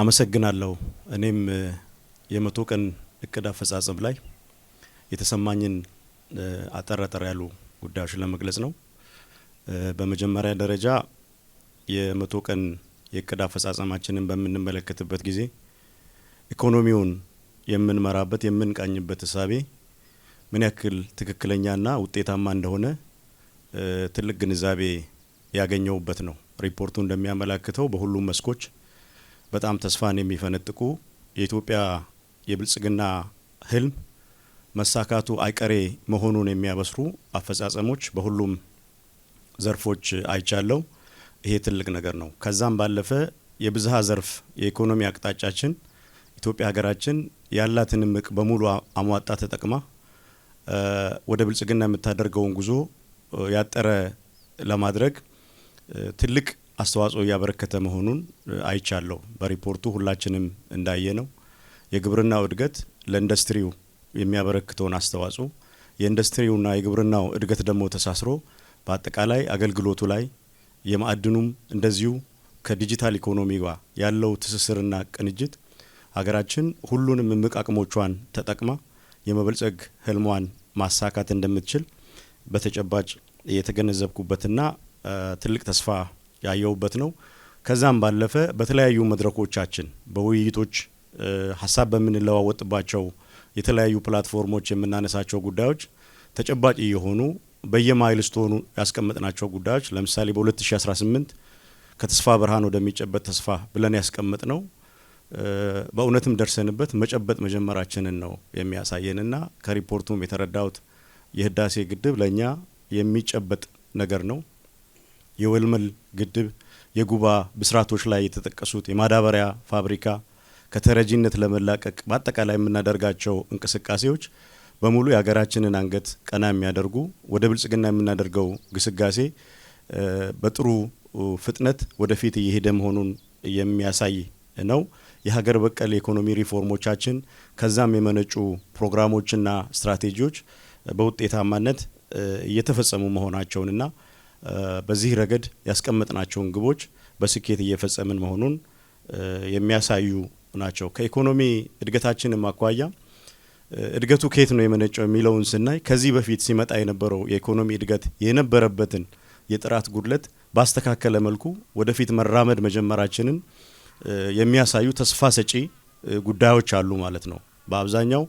አመሰግናለሁ። እኔም የመቶ ቀን እቅድ አፈጻጸም ላይ የተሰማኝን አጠር አጠር ያሉ ጉዳዮች ለመግለጽ ነው። በመጀመሪያ ደረጃ የመቶ ቀን የእቅድ አፈጻጸማችንን በምንመለከትበት ጊዜ ኢኮኖሚውን የምንመራበት የምንቃኝበት እሳቤ ምን ያክል ትክክለኛና ውጤታማ እንደሆነ ትልቅ ግንዛቤ ያገኘውበት ነው። ሪፖርቱ እንደሚያመላክተው በሁሉም መስኮች በጣም ተስፋን የሚፈነጥቁ የኢትዮጵያ የብልጽግና ህልም መሳካቱ አይቀሬ መሆኑን የሚያበስሩ አፈጻጸሞች በሁሉም ዘርፎች አይቻለው። ይሄ ትልቅ ነገር ነው። ከዛም ባለፈ የብዝሃ ዘርፍ የኢኮኖሚ አቅጣጫችን ኢትዮጵያ ሀገራችን ያላትን እምቅ በሙሉ አሟጣ ተጠቅማ ወደ ብልጽግና የምታደርገውን ጉዞ ያጠረ ለማድረግ ትልቅ አስተዋጽኦ እያበረከተ መሆኑን አይቻለሁ። በሪፖርቱ ሁላችንም እንዳየ ነው የግብርናው እድገት ለኢንዱስትሪው የሚያበረክተውን አስተዋጽኦ የኢንዱስትሪውና የግብርናው እድገት ደግሞ ተሳስሮ በአጠቃላይ አገልግሎቱ ላይ የማዕድኑም እንደዚሁ ከዲጂታል ኢኮኖሚ ጋር ያለው ትስስርና ቅንጅት ሀገራችን ሁሉንም እምቅ አቅሞቿን ተጠቅማ የመበልጸግ ህልሟን ማሳካት እንደምትችል በተጨባጭ የተገነዘብኩበትና ትልቅ ተስፋ ያየሁበት ነው። ከዛም ባለፈ በተለያዩ መድረኮቻችን በውይይቶች ሀሳብ በምንለዋወጥባቸው የተለያዩ ፕላትፎርሞች የምናነሳቸው ጉዳዮች ተጨባጭ የሆኑ በየማይልስቶኑ ያስቀመጥናቸው ጉዳዮች ለምሳሌ በ2018 ከተስፋ ብርሃን ወደሚጨበጥ ተስፋ ብለን ያስቀመጥ ነው በእውነትም ደርሰንበት መጨበጥ መጀመራችንን ነው የሚያሳየንና ከሪፖርቱም የተረዳሁት የህዳሴ ግድብ ለእኛ የሚጨበጥ ነገር ነው። የወልመል ግድብ፣ የጉባ ብስራቶች ላይ የተጠቀሱት የማዳበሪያ ፋብሪካ ከተረጂነት ለመላቀቅ በአጠቃላይ የምናደርጋቸው እንቅስቃሴዎች በሙሉ የሀገራችንን አንገት ቀና የሚያደርጉ ወደ ብልጽግና የምናደርገው ግስጋሴ በጥሩ ፍጥነት ወደፊት እየሄደ መሆኑን የሚያሳይ ነው። የሀገር በቀል የኢኮኖሚ ሪፎርሞቻችን ከዛም የመነጩ ፕሮግራሞችና ስትራቴጂዎች በውጤታማነት እየተፈጸሙ መሆናቸውንና በዚህ ረገድ ያስቀመጥናቸውን ግቦች በስኬት እየፈጸምን መሆኑን የሚያሳዩ ናቸው። ከኢኮኖሚ እድገታችንም አኳያ እድገቱ ከየት ነው የመነጨው የሚለውን ስናይ ከዚህ በፊት ሲመጣ የነበረው የኢኮኖሚ እድገት የነበረበትን የጥራት ጉድለት ባስተካከለ መልኩ ወደፊት መራመድ መጀመራችንን የሚያሳዩ ተስፋ ሰጪ ጉዳዮች አሉ ማለት ነው። በአብዛኛው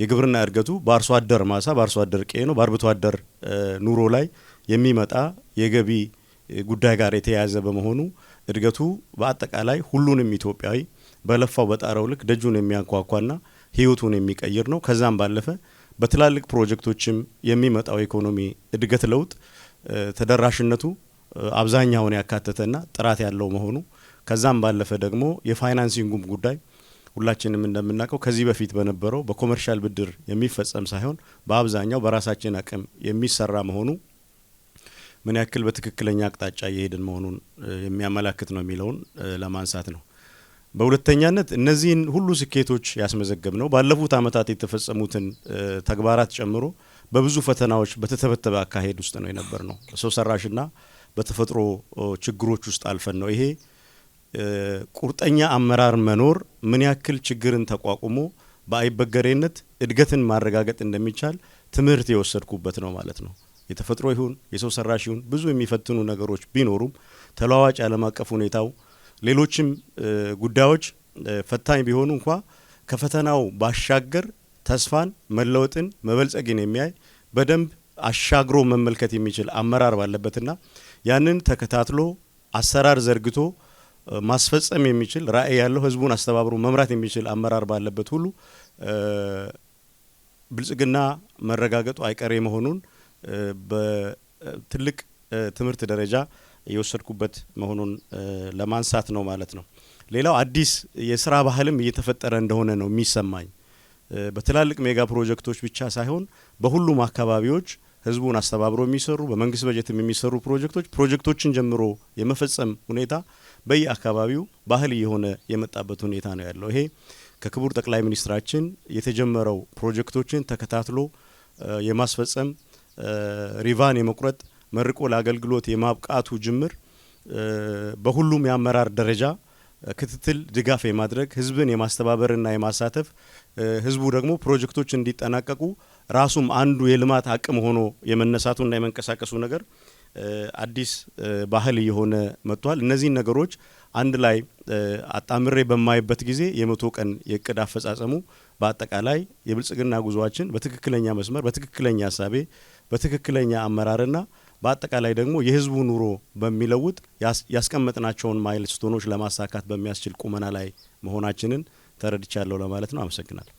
የግብርና እድገቱ በአርሶ አደር ማሳ፣ በአርሶ አደር ቀዬ ነው፣ በአርብቶ አደር ኑሮ ላይ የሚመጣ የገቢ ጉዳይ ጋር የተያያዘ በመሆኑ እድገቱ በአጠቃላይ ሁሉንም ኢትዮጵያዊ በለፋው በጣረው ልክ ደጁን የሚያንኳኳና ህይወቱን የሚቀይር ነው። ከዛም ባለፈ በትላልቅ ፕሮጀክቶችም የሚመጣው የኢኮኖሚ እድገት ለውጥ ተደራሽነቱ አብዛኛውን ያካተተና ጥራት ያለው መሆኑ ከዛም ባለፈ ደግሞ የፋይናንሲንጉም ጉዳይ ሁላችንም እንደምናውቀው ከዚህ በፊት በነበረው በኮመርሻል ብድር የሚፈጸም ሳይሆን በአብዛኛው በራሳችን አቅም የሚሰራ መሆኑ ምን ያክል በትክክለኛ አቅጣጫ እየሄድን መሆኑን የሚያመላክት ነው የሚለውን ለማንሳት ነው። በሁለተኛነት እነዚህን ሁሉ ስኬቶች ያስመዘገብ ነው ባለፉት ዓመታት የተፈጸሙትን ተግባራት ጨምሮ በብዙ ፈተናዎች በተተበተበ አካሄድ ውስጥ ነው የነበር ነው። በሰው ሰራሽና በተፈጥሮ ችግሮች ውስጥ አልፈን ነው። ይሄ ቁርጠኛ አመራር መኖር ምን ያክል ችግርን ተቋቁሞ በአይበገሬነት እድገትን ማረጋገጥ እንደሚቻል ትምህርት የወሰድኩበት ነው ማለት ነው። የተፈጥሮ ይሁን የሰው ሰራሽ ይሁን ብዙ የሚፈትኑ ነገሮች ቢኖሩም ተለዋዋጭ ዓለም አቀፍ ሁኔታው ሌሎችም ጉዳዮች ፈታኝ ቢሆኑ እንኳ ከፈተናው ባሻገር ተስፋን፣ መለወጥን፣ መበልጸግን የሚያይ በደንብ አሻግሮ መመልከት የሚችል አመራር ባለበትና ያንን ተከታትሎ አሰራር ዘርግቶ ማስፈጸም የሚችል ራዕይ ያለው ህዝቡን አስተባብሮ መምራት የሚችል አመራር ባለበት ሁሉ ብልጽግና መረጋገጡ አይቀሬ መሆኑን በትልቅ ትምህርት ደረጃ የወሰድኩበት መሆኑን ለማንሳት ነው ማለት ነው። ሌላው አዲስ የስራ ባህልም እየተፈጠረ እንደሆነ ነው የሚሰማኝ። በትላልቅ ሜጋ ፕሮጀክቶች ብቻ ሳይሆን በሁሉም አካባቢዎች ህዝቡን አስተባብሮ የሚሰሩ በመንግስት በጀትም የሚሰሩ ፕሮጀክቶች ፕሮጀክቶችን ጀምሮ የመፈጸም ሁኔታ በየአካባቢው ባህል እየሆነ የመጣበት ሁኔታ ነው ያለው። ይሄ ከክቡር ጠቅላይ ሚኒስትራችን የተጀመረው ፕሮጀክቶችን ተከታትሎ የማስፈጸም ሪቫን የመቁረጥ መርቆ ለአገልግሎት የማብቃቱ ጅምር በሁሉም የአመራር ደረጃ ክትትል፣ ድጋፍ የማድረግ ህዝብን የማስተባበርና የማሳተፍ ህዝቡ ደግሞ ፕሮጀክቶች እንዲጠናቀቁ ራሱም አንዱ የልማት አቅም ሆኖ የመነሳቱና የመንቀሳቀሱ ነገር አዲስ ባህል እየሆነ መጥቷል። እነዚህን ነገሮች አንድ ላይ አጣምሬ በማይበት ጊዜ የመቶ ቀን የእቅድ አፈጻጸሙ በአጠቃላይ የብልጽግና ጉዞዋችን በትክክለኛ መስመር በትክክለኛ ሀሳቤ በትክክለኛ አመራርና በአጠቃላይ ደግሞ የህዝቡ ኑሮ በሚለውጥ ያስቀመጥናቸውን ማይልስቶኖች ለማሳካት በሚያስችል ቁመና ላይ መሆናችንን ተረድቻለሁ ለማለት ነው። አመሰግናለሁ።